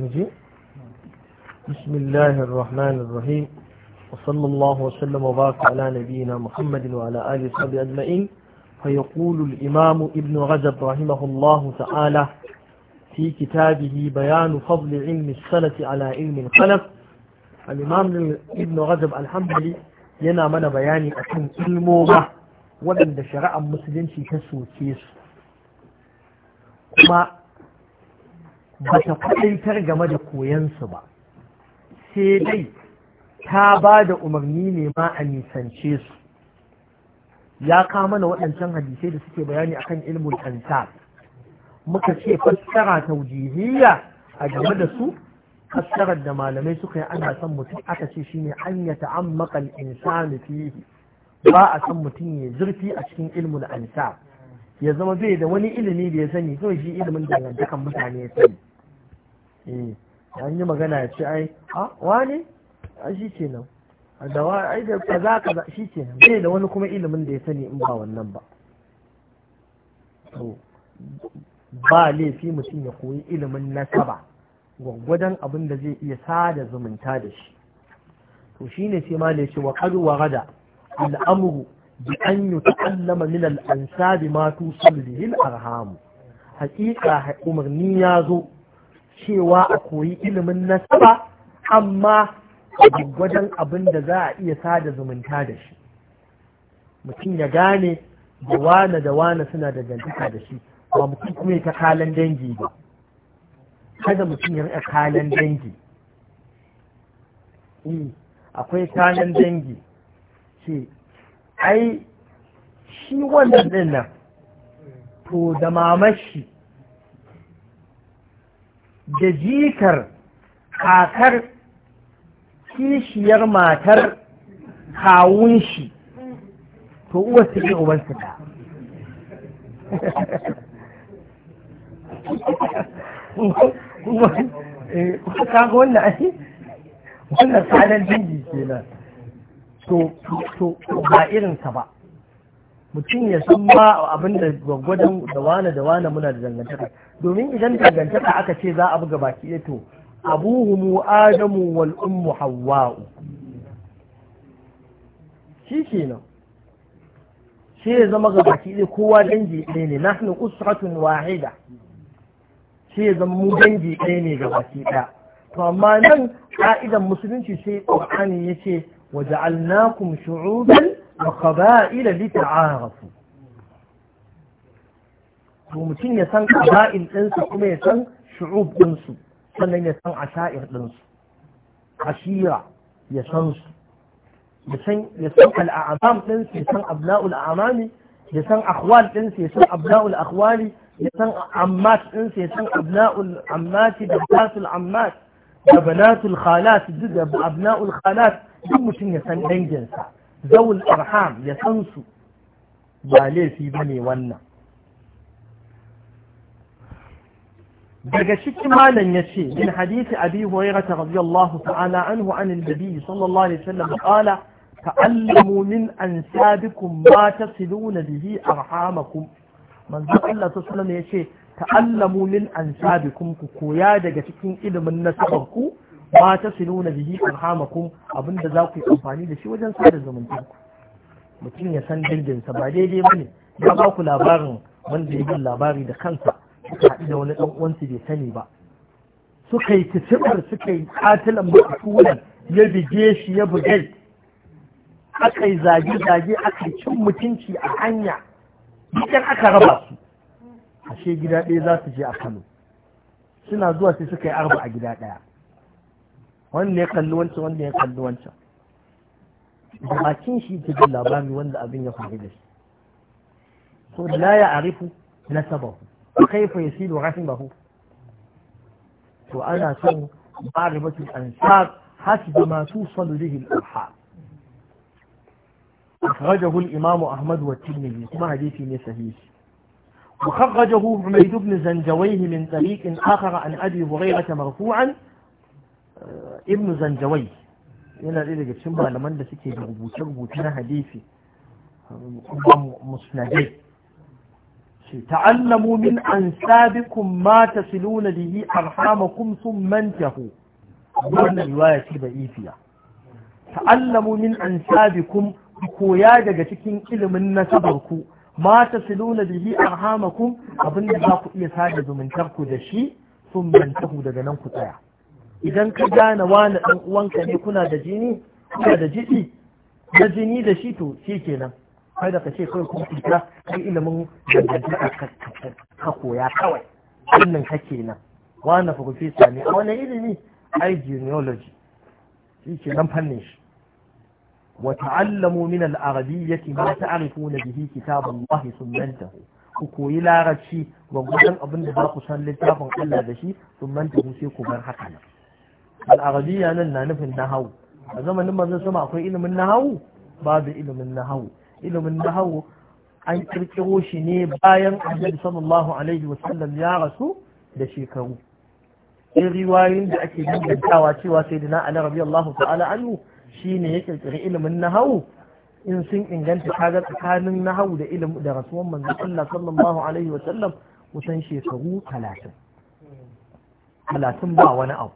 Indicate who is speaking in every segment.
Speaker 1: نجي بسم الله الرحمن الرحيم وصلى الله وسلم وبارك على نبينا محمد وعلى آله وصحبه أجمعين فيقول الإمام ابن رجب رحمه الله تعالى في كتابه بيان فضل علم السلف على علم الخلف الإمام ابن رجب الحنبلي لله mana bayani a علمه ilmoma waɗanda shari'ar في ta soke ba ta kwadantar game da koyansu ba sai dai ta ba da umarni ne ma a nisance su ya kama na waɗancan hadisai da suke bayani akan ilmul ansar muka ce fassara taujihiyya a game da su fassarar da malamai suka yi ana son mutum aka ce shine an ya ta'ammaka al-insanu fihi ba a san mutum ya zurfi a cikin ilmul ansar ya zama bai da wani ilimi da ya sani kawai shi ilimin dangantakan mutane ya sani eh an yi magana ya ce ai a wane a shi ke nan da wa ai da kaza kaza shi ke nan da wani kuma ilimin da ya sani in ba wannan ba to ba laifi mutum ya koyi ilimin nasaba gwaggwadon abin da zai iya sada zumunta da shi to shi ne sai ma ne ce wa kadu wa al-amru bi an yutallama min al'ansa ansabi ma tusallihi arhamu arhamu? umarni ya zo cewa a koyi ilimin nasaba amma gwajen abin da za a iya sada zumunta da shi mutum ya gane da wane da wane suna da dangantaka da shi ba mutum kuma ta kalan dangi ba kada mutum ya kalan dangi eh, akwai kalan dangi ce ai shi wannan din to da mamashi da jikar kakar kishiyar matar kawun shi to uwa su ne uban su ta kaga wannan ake wannan tsanar ke nan to ba irinsa ba mutum ya san ba abin da gwaggwadon da wane da wane muna da dangantaka domin idan dangantaka aka ce za a buga baki ɗaya to abuhumu adamu wal ummu hawa'u shi nan shi ya zama ga baki ɗaya kowa dangi ɗaya ne hannu usratun wahida shi ya zama mu dangi ɗaya ne ga baki ɗaya to amma nan ka'idan musulunci sai ya yace wa ja'alnakum shu'uban wa qaba'ila lita'arafu to mutum ya san qaba'il ɗinsu kuma ya san shu'ub ɗinsu sannan ya san asha'ir ɗinsu ashira ya san su ya san al'a'amam ɗinsu ya san abna'ul a'amami ya san akhwal ɗinsu ya san abna'ul akhwali ya san ammat ɗinsu ya san abna'ul ammati da basul ammat da banatul khalat duk da khalat duk mutum ya san danginsa zawul arham ya san su ba laifi ba ne wannan daga cikin malam ya ce min hadisi abi hurairah radiyallahu ta'ala anhu an annabi sallallahu alaihi wasallam qala ta'allamu min ansabikum ma tasiluna bihi arhamakum manzo Allah sallallahu alaihi wasallam ya ce ta'allamu min ansabikum ku koya daga cikin ilimin nasabarku ba ta siluna bihi arhamakum abinda za ku yi amfani da shi wajen sada zumunta mutum ya san dangansa ba daidai bane ya ba ku labarin wanda ya bin labari da kansa suka haɗu da wani ɗan uwansu bai sani ba suka yi tisibar suka yi katilan makulan ya bige shi ya bugai aka yi zage-zage aka yi cin mutunci a hanya dukkan aka raba su ashe gida ɗaya za su je a kano suna zuwa sai suka yi arba a gida ɗaya wanda ya kalli wancan wanda ya kalli wancan
Speaker 2: da bakin
Speaker 1: shi ta jin labari wanda abin ya faru da shi so da la ya arifu na kai fa nasabahu kaifa yasilu rahimahu to ana son da masu ma'rifatul ansab حسب ما توصل به الأرحام أخرجه الإمام أحمد والترمذي كما حديثي صحيح وخرجه حميد بن زنجويه من طريق آخر عن أبي هريرة مرفوعا ibn zanjawai yana ɗaya daga cikin malaman da suke da rubuce-rubuce na hadisi kuma musnadai ce ta'allamu min ansabikum ma tasiluna bihi arhamakum thumma intahu wannan riwaya ce da ifiya ta'allamu min ansabikum koya daga cikin ilimin nasabarku ma tasiluna bihi arhamakum abinda za ku iya sada zumuntarku da shi sun intahu daga nan ku tsaya idan ka gane wana ɗan uwanka ne kuna da jini kuna da jiki na jini da shi to shi kenan kada ka ce kai kuma fita kai ilimin dangantaka ka koya kawai wannan ka kenan wane farfesa ne a wani ilimi ai genealogy shi kenan fannin shi wa ta'allamu min al-arabiyyah ma ta'rifuna bihi kitab Allah sunnatahu ku koyi larabci ba gudan abin da za ku san littafin Allah da shi sun manta sai ku haka nan al'arabiya nan na nufin nahawu a zamanin manzon sama akwai ilimin nahawu babu ilimin nahawu ilimin nahawu an kirkiro shi ne bayan annabi sallallahu alaihi sallam ya rasu da shekaru in riwayoyin da ake dangantawa cewa sai dina ali radiyallahu ta'ala anhu shine ya kirkiri ilimin nahawu in sun inganta kaga tsakanin nahawu da ilimin da rasuwan manzon Allah sallallahu alaihi sallam kusan shekaru 30 talatin ba wani abu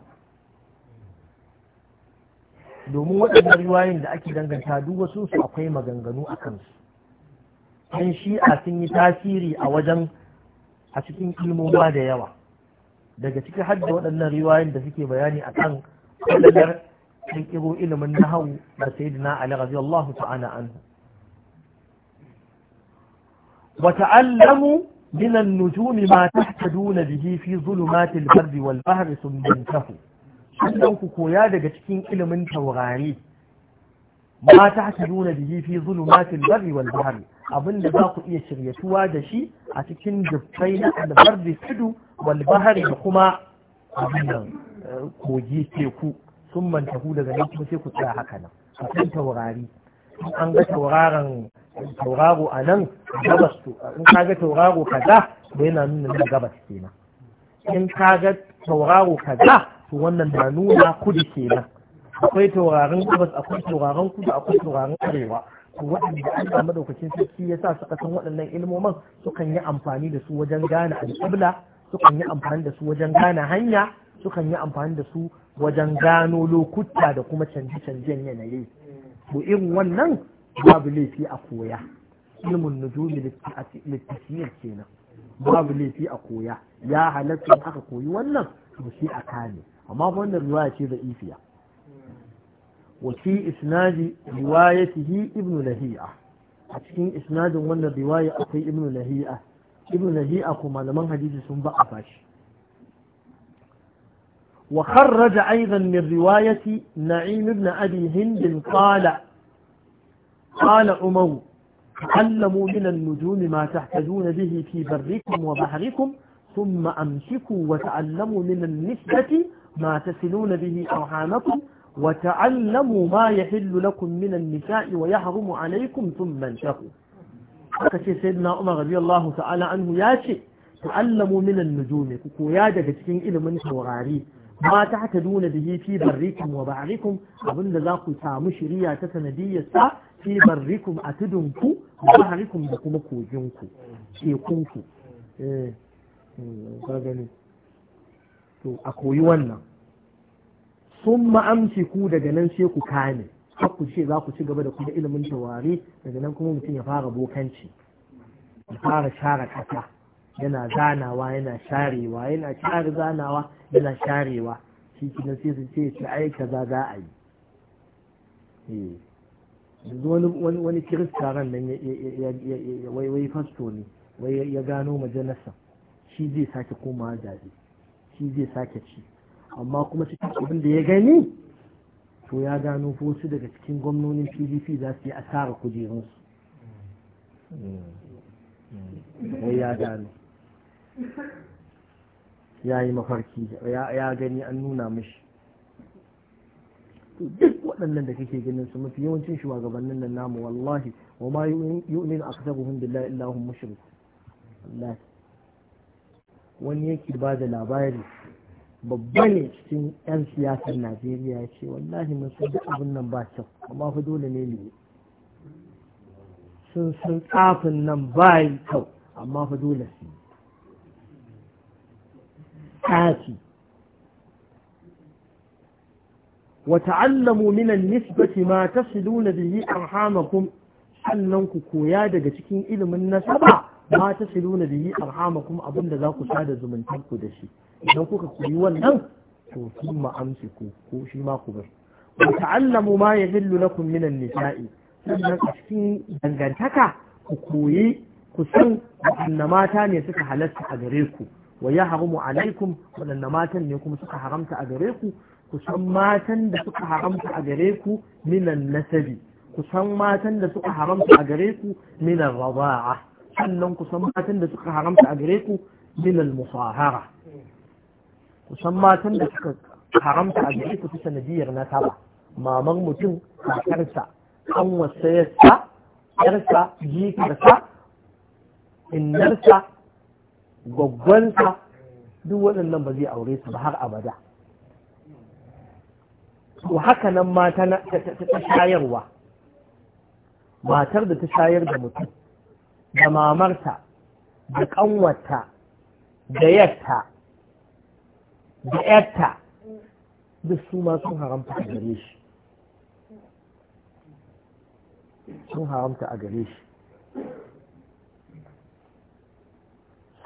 Speaker 1: domin waɗannan riwayoyin da ake danganta duk wasu su akwai maganganu a kansu yan shi'a sun yi tasiri a wajen a cikin ilmoma da yawa daga ciki har da waɗannan riwayoyin da suke bayani a kan kan kirkiro ilimin nahawu da sayyidina ali radiyallahu ta'ala anhu wa ta'allamu nujumi النجوم ما تحتدون به في ظلمات البر والبحر sun انتهوا sannan ku koya daga cikin ilimin taurari Mata ta nuna da fi zulumatil bari wal abin abinda za ku iya shiryatuwa da shi a cikin jiffai na da tudu wal da kuma abin eh, kogi teku sun manta ku daga nan kuma sai ku tsaya haka nan a kan taurari an ga tauraron tauraro a nan gabas to in ka ga tauraro kaza da yana nuna nan gabas kenan in ka ga tauraro kaza to wannan na nuna kudu kenan akwai tauraron gabas akwai tauraron kudu akwai tauraron arewa to waɗanda samu madaukakin sarki ya sa su kasan waɗannan ilmomin sukan yi amfani da su wajen gane alƙibla sukan yi amfani da su wajen gane hanya sukan yi amfani da su wajen gano lokuta da kuma canje-canjen yanayi to irin wannan babu laifi a koya ilmin nujumi littafiyar kenan babu laifi a koya ya halatta aka koyi wannan to sai a kame وما ظن الرواية ce da ifiya وفي إسناد روايته ابن لهيئة أتكين إسناد وانا الرواية أخي ابن لهيئة ابن لهيئة كما لمن حديث سنبع فاش وخرج أيضا من رواية نعيم ابن أبي هند قال قال أمو تعلموا من النجوم ما تحتجون به في بركم وبحركم ثم أمسكوا وتعلموا من النسبة ما تسلون به أرحامكم وتعلموا ما يحل لكم من النساء ويحرم عليكم ثم انتهوا haka sayyidina Umar radiyallahu ta'ala anhu ya ce ta'allamu minan nujumi ku koya daga cikin ilimin taurari ma ta hata duna bihi fi barrikum wa ba'rikum abinda za ku samu shiriya ta sanadiyyar sa fi barrikum a tudun ku ba'rikum da kuma kogin ku ku eh to a koyi wannan sun ma'amci ku daga nan sai ku kame har ku ce za ku ci gaba da kuma ilimin tawari daga nan kuma mutum ya fara bokanci ya fara share kasa yana zanawa yana sharewa yana share zanawa yana sharewa shi kina sai su ce ai kaza za a yi eh. yanzu wani wani kirista ran nan wai fasto ne wai ya gano majalisa shi zai sake komawa jaje shi zai sake ci amma kuma cikin abin da ya gani to ya gano wasu daga cikin gwamnonin pdp za su yi asara kujerunsu
Speaker 2: wai ya gano
Speaker 1: ya yi mafarki ya gani an nuna mishi duk waɗannan da kake ganin su mafi yawancin shugabannin nan namu wallahi wa ma yu'min aktharuhum billahi illa hum mushrikun wallahi wani yake ba da labari babba ne cikin 'yan siyasar najeriya ya ce wallahi mun san abin nan ba kyau amma fa dole ne ne sun san tsafin nan ba kyau amma fa dole su tsafi وتعلموا من النسبة ما تصلون به أرحامكم sannan ku koya daga cikin ilimin nasaba Mata ta nuna da biyi arhama kuma abin da za ku sa da zumuntanku da shi idan kuka koyi wannan to su ma amsi ku ko shi ma ku bar wa ta'allamu ma yahillu lakum minan nisa'i sannan a cikin dangantaka ku koyi ku san waɗanne mata ne suka halatta a gare ku wa ya haramu alaikum waɗanne matan ne kuma suka haramta a gare ku ku san matan da suka haramta a gare ku minan nasabi ku san matan da suka haramta a gare ku minan raba'a sannan kusan matan da suka haramta a gare ku min al-musahara kusan matan da suka haramta a gare ku ta sanadiyyar nasaba mamar mutum kakarsa an wasayarsa yarsa jikarsa innarsa gwaggwansa duk waɗannan ba zai aure su ba har abada to haka nan mata ta shayarwa matar da ta shayar da mutum da mamarta da ƙanwarta da yarta da yarta duk su ma sun haramta a gare shi sun haramta a gare shi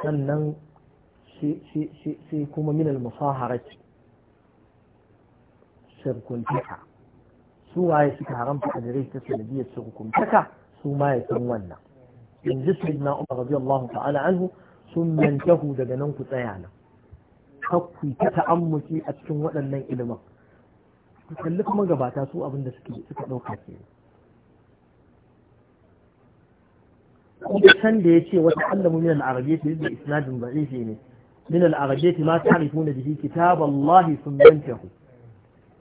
Speaker 1: sannan sai kuma minal musaharati shirkuntaka su waye suka haramta a gare shi ta sanadiyar shirkuntaka su ma ya san wannan yanzu sayyidina Umar radiyallahu ta'ala anhu sun mantahu daga nan ku tsaya nan hakku ta ta'ammuki a cikin waɗannan ilimin ku kalli kuma gabata su abin da suke suka ɗauka ke kuma da ya ce wata allamu min al-arabiyyati da isnadin da'ifi ne min al-arabiyyati ma ta'rifuna bihi kitab Allah sun mantahu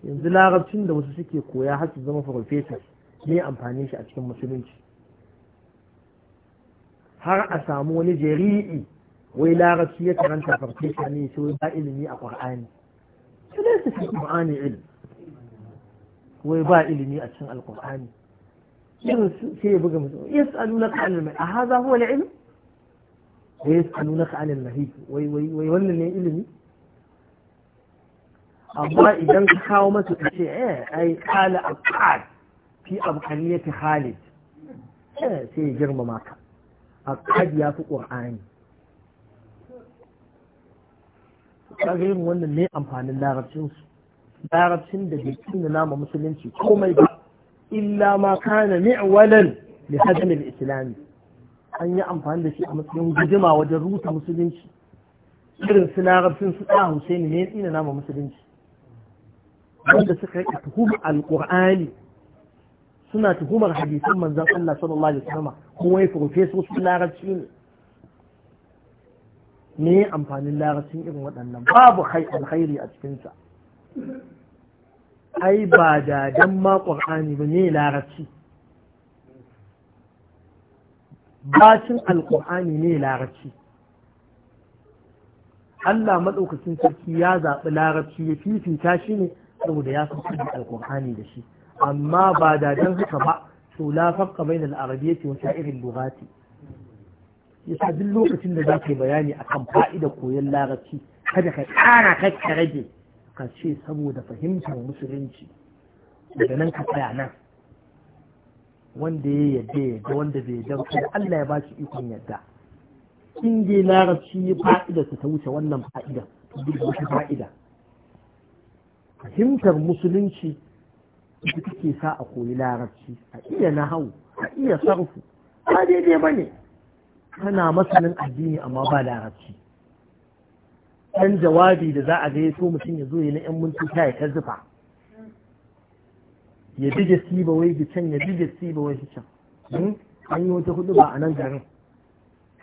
Speaker 1: yanzu larabcin da wasu suke koya har su zama farfesa ne amfani shi a cikin musulunci har a samu wani jari'i wai larabci ya karanta farfesa ne sai wai ba ilimi a su sai su fi ƙwar'ani ilim wai ba ilimi a cikin alƙwar'ani irin sai ya buga musu na anil mai a za huwa ilim? ilm wa yas'alunaka na mahid wai wai wai wannan ne ilimi amma idan ka kawo masu ka ce eh ai kala abqad fi abqaliyati khalid eh, sai ya girmama ka aqad ya fi qur'ani kaga yin wannan ne amfanin larabcinsu. larabcin da bai tuna nama musulunci komai ba illa ma kana mi'walan li hadam al-islam an yi amfani da shi a matsayin guduma wajen rusa musulunci irin su larabcin su da Husaini ne tsina nama musulunci wanda suka yi tuhuma al-Qur'ani suna tuhumar hadisan manzon Allah sallallahu alaihi wasallam kuma ya su larabci ne me ya amfanin larabcin irin waɗannan babu alkhairi a cikinsa ai ba da dan ma ƙwar'ani ba ne larabci bacin alƙur'ani ne larabci Allah maɗaukacin sarki ya zaɓi larabci ya fifita shi ne saboda ya san da alƙur'ani da shi amma ba da dan haka ba to la farqa bainal arabiyyati wa sa'iril lughati yasa duk lokacin da zaka bayani akan fa'idar koyon larabci kada ka kara kai ka rage ka ce saboda fahimtar musulunci daga nan ka tsaya nan wanda ya yadda yadda wanda bai yadda kada Allah ya ba shi ikon yadda in dai larabci fa'ida ta wuce wannan fa'ida to duk wata fa'ida fahimtar musulunci ita take sa a koyi larabci a iya nahawu a iya sarfu ba daidai ba ne kana masanin addini amma ba larabci ɗan jawabi da za a ga so mutum ya zo ya na 'yan ta ya ta zufa ya dige siba wai can ya dige siba wai can hmm? an yi wata hudu ba a nan garin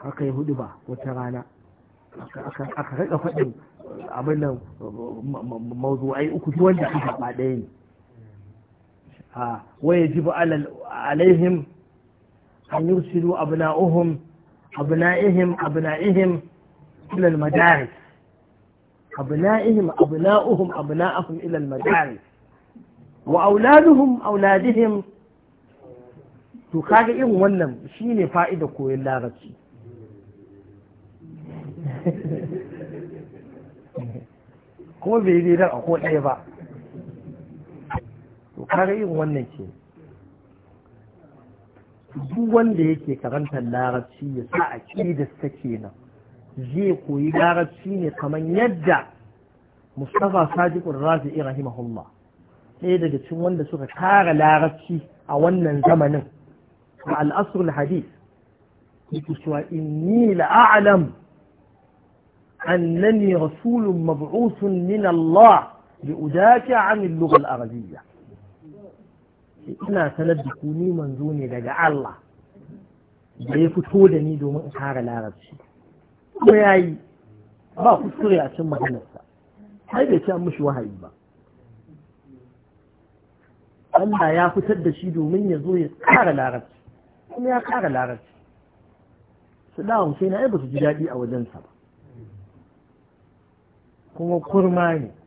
Speaker 1: aka yi hudu ba wata rana aka rika faɗin abin nan yi uku wanda aka ba ɗaya ne ويجب على عليهم أن يرسلوا أبناؤهم أبنائهم أبنائهم إلى المدارس أبنائهم أبناؤهم أبناءهم إلى المدارس وأولادهم أولادهم to kaga irin wannan shine fa'ida koyon larabci ko bai yi dan a ko ɗaya ba to kaga irin wannan ke duk wanda yake karantar larabci ya sa a ta kenan zai koyi larabci ne kamar yadda mustafa sadiqun rafi'i rahimahullah ɗaya daga cikin wanda suka kara larabci a wannan zamanin a al'asrul hadith yake cewa inni la'alam annani rasulun mab'usun min Allah li udafi an al arabiyya ina sanar da ku ni manzo ne daga Allah da ya fito da ni domin in kare larabci kuma ya yi ba kuskure a cin maganarsa har bai ci an mushi wahayi ba Allah ya fitar da shi domin ya zo ya kare larabci kuma ya kare larabci su dawon sai na ba su ji daɗi a wajensa ba kuma kurma ne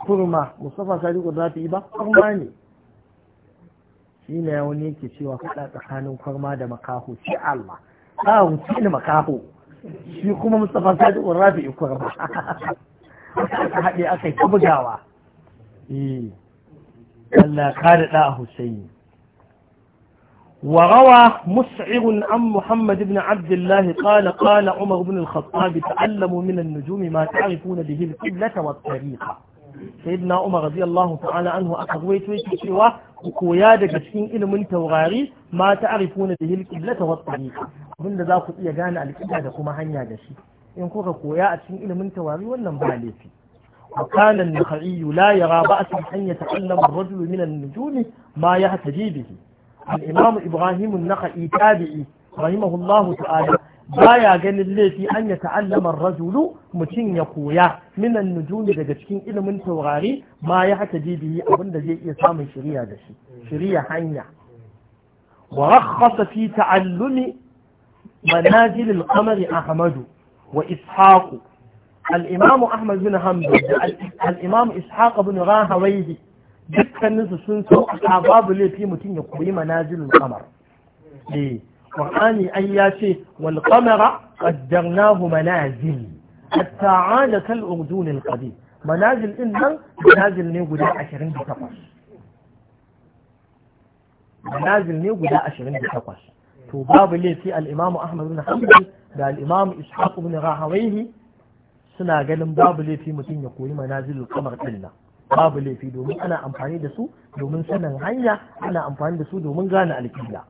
Speaker 1: kurma mustafa sadiku za ta yi ba kurma ne shi ne wani yake cewa faɗa tsakanin kurma da makaho shi Allah ba wuce ni makaho shi kuma mustafa sadiku za ta yi kurma aka haɗe aka yi bugawa eh. Allah ka da ɗa Hussein وروى مسعر عن محمد بن عبد الله قال قال عمر بن الخطاب تعلموا من النجوم ما تعرفون به القبلة والطريقة sayidina umar radiyallahu ta'ala anhu aka ruwaito cewa ku koya daga cikin ilimin taurari mata ta arifu da hilkin lata wasanni abinda za ku iya gane alƙida da kuma hanya da shi in kuka koya a cikin ilimin taurari wannan ba laifi wa kana an-nakhai la yara ba'sa an yata'allama ar-rajulu min an-nujum ma yahtaji bihi al-imam ibrahim an-nakhai tabi'i rahimahullahu ta'ala baya ganin laifi an ya ta'allama rajulu mutum ya koya minan nujumi daga cikin ilimin taurari ma ya haka bibiyi abinda zai iya samun shiriya da shi shiriya hanya wa rakhasa fi ta'allumi manazil al ahmadu wa ishaq al-imam ahmad bin hanbal al-imam ishaq bin rahawayhi dukkaninsu sun so a babu laifi mutum ya koyi manazil al-qamar eh qur'ani ai ya ce wal ƙaddar nahu manazil hatta ada kal urdun al manazil din nan manazil ne guda takwas. manazil ne guda takwas. to babu laifi al-imamu ahmad bin da Al'imamu imamu ishaq bin suna ganin babu laifi mutum ya koyi manazilul kamar din nan babu laifi domin ana amfani da su domin sanin hanya ana amfani da su domin gane alƙibla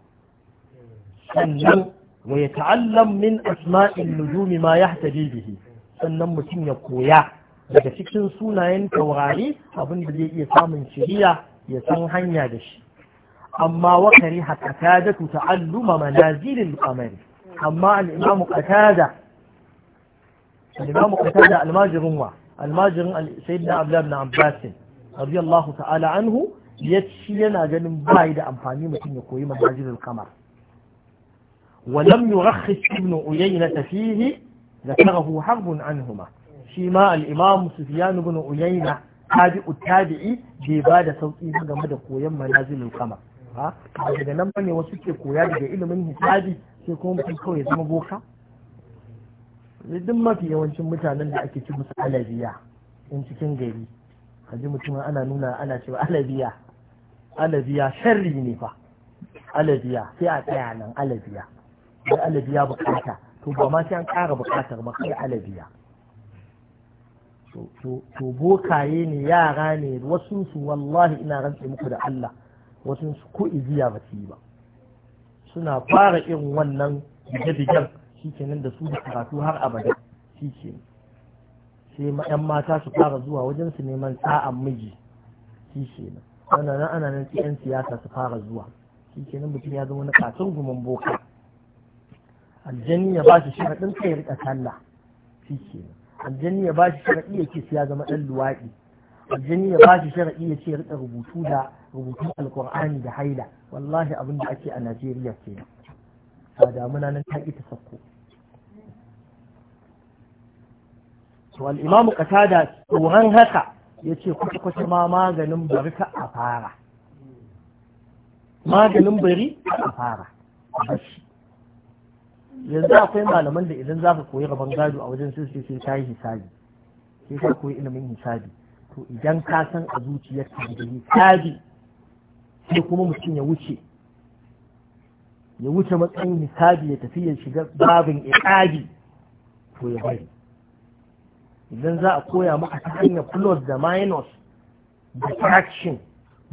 Speaker 1: sannan wa ya ta'allam min asma'in nujumi ma ya bihi sannan mutum ya koya daga cikin sunayen taurari abin da zai iya samun shiriya ya san hanya da shi amma wakari hakatada tu ta'alluma manazilil qamari amma al qatada al qatada almajirin wa al sayyidina Abdullahi ibn abbas radiyallahu ta'ala anhu yace yana ganin bai da amfani mutum ya koyi manazilil kamar. ولم يرخص ابن أيينة فيه ذكره حرب عنهما شيما الإمام سفيان بن أيينة تابع التابعي ببادة sauƙi na game da koyon manazilin kama daga nan bane wasu ke koya daga ilimin hisabi sai kuma mutum kawai zama boka duk mafi yawancin mutanen da ake ci musu alabiya in cikin gari kaji mutum ana nuna ana cewa alabiya alabiya sharri ne fa alabiya sai a tsaya nan alabiya da alabiya bukata to ba ma sai an ƙara bukatar ba kai alabiya to bokaye ne yara ne wasu su wallahi ina rantse muku da Allah wasu su ko iziya ba su yi ba suna fara irin wannan bige-bigen shi kenan da su da karatu har abada shi ke sai yan mata su fara zuwa wajen su neman sa'an miji shi kenan nan ana nan yan siyasa su fara zuwa shi kenan mutum ya zama na kasar guman boka aljani ya ba shi sharaɗin kai riƙa talla, shi ke aljani ya ba shi sharaɗi ya ce ya zama ɗan luwaɗi aljani ya ba shi sharaɗi ya ce riƙa rubutu da rubutu alƙur'ani da haila wallahi abin da ake a najeriya ke ba damuna nan ta ƙi ta sauko to al'imamu qatada tsoron haka ya ce kwata-kwata ma maganin bari ka a fara maganin bari a fara bashi yanzu akwai malaman da idan za ka koyi rabon gado a wajen sun sai ka yi hisabi sai ka koyi ilimin hisabi to idan ka san a zuciyar ka da hisabi sai kuma mutum ya wuce ya wuce matsayin hisabi ya tafi ya shiga babin iqabi to ya bari idan za a koya maka ta hanyar plus da minus da fraction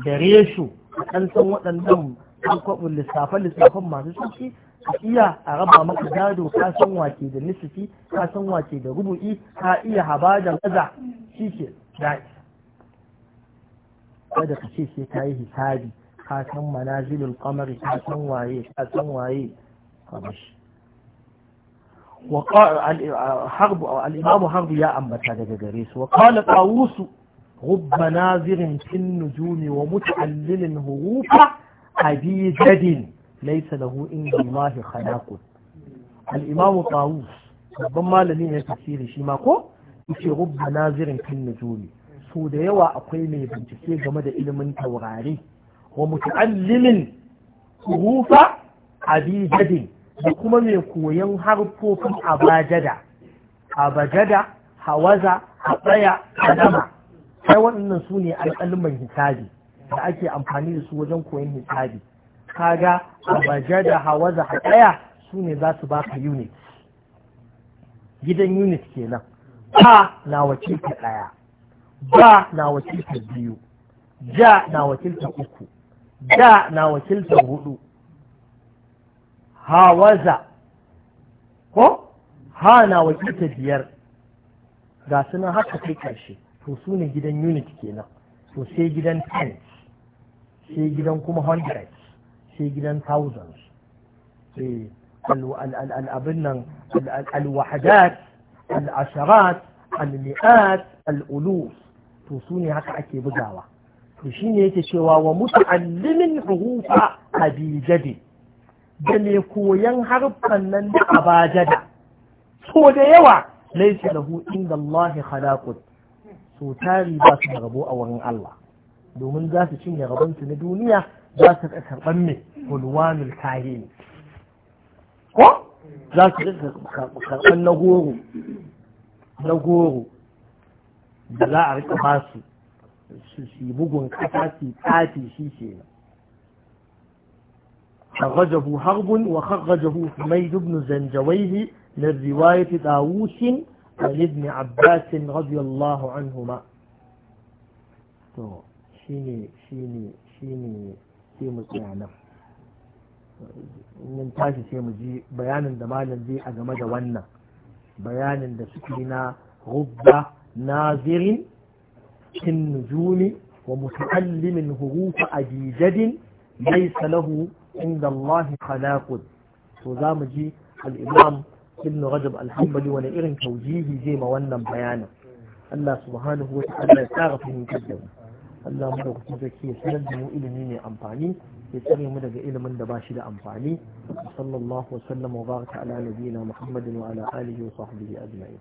Speaker 1: da ratio a san waɗannan lissafe-lissafen masu sauki ka iya a raba maka gado ka san wake da nisfi ka san wake da rubu'i ka iya haba da maza shi ke kada ka ce sai ka yi hisabi ka san manazilul qamari ka san waye ka san waye kamar وحرب الإمام حرب يا أمتا دقاريس وقال طاووس رب ناظر في النجوم ومتعلل هروب عديد laisa lahu inda Allah khalaqu al-imam tawus babban malami ne tafsiri shi ma ko yace rubba nazirin kan nujumi so da yawa akwai mai bincike game da ilimin taurari wa muta'allimin hurufa abijadin da kuma mai koyon harfofin abajada abajada hawaza hatsaya kalama sai waɗannan su ne alƙalman hisabi da ake amfani da su wajen koyon hisabi kaga abaja da hawa da haɗaya su ne za su baka unit gidan unit kenan ba na wakilta ɗaya ba na wakilta biyu ja na wakilta uku da na wakilta hudu hawaza ko ha na wakilta biyar ga suna haka kai karshe to su ne gidan unit kenan to sai gidan 10 sai gidan kuma 100 ce gidan thousands sai eh, abin nan al al'asharat almi'at al'ulus to su ne haka ake bugawa to shi ne yake cewa wa muta'allimin hurufa abijade da mai koyan harfan nan da Abadada? so da yawa laisa lahu inda Allah khalaqut so tari ba su da rabo a wurin Allah domin za su cinye rabonsu na duniya za su karɓar mai hulwanul kahin ko za su karɓar na goro na goro da za a rika ba su su yi bugun kasa su tsafi shi ke nan خرجه حرب وخرجه حميد بن زنجويه من رواية طاووس عن ابن عباس رضي الله عنهما شيني شيني شيني sai mu tsaya nan tashi sai mu ji bayanin da malam zai a game da wannan bayanin da suke na rubba nazirin kin nujumi wa muta'allimin hurufa ajijadin laysa lahu inda Allah khalaqun to za mu ji al-imam ibn rajab alhambali wani irin taujihi zai ma wannan bayanin Allah subhanahu wa ta'ala ya tsara fahimtar da mu Allah mu da kuke zaki ya sanar da mu ilimi mai amfani ya tsare mu daga ilimin da ba shi da amfani sallallahu wa sallam wa baraka ala nabiyina muhammadin wa ala alihi wa sahbihi ajma'in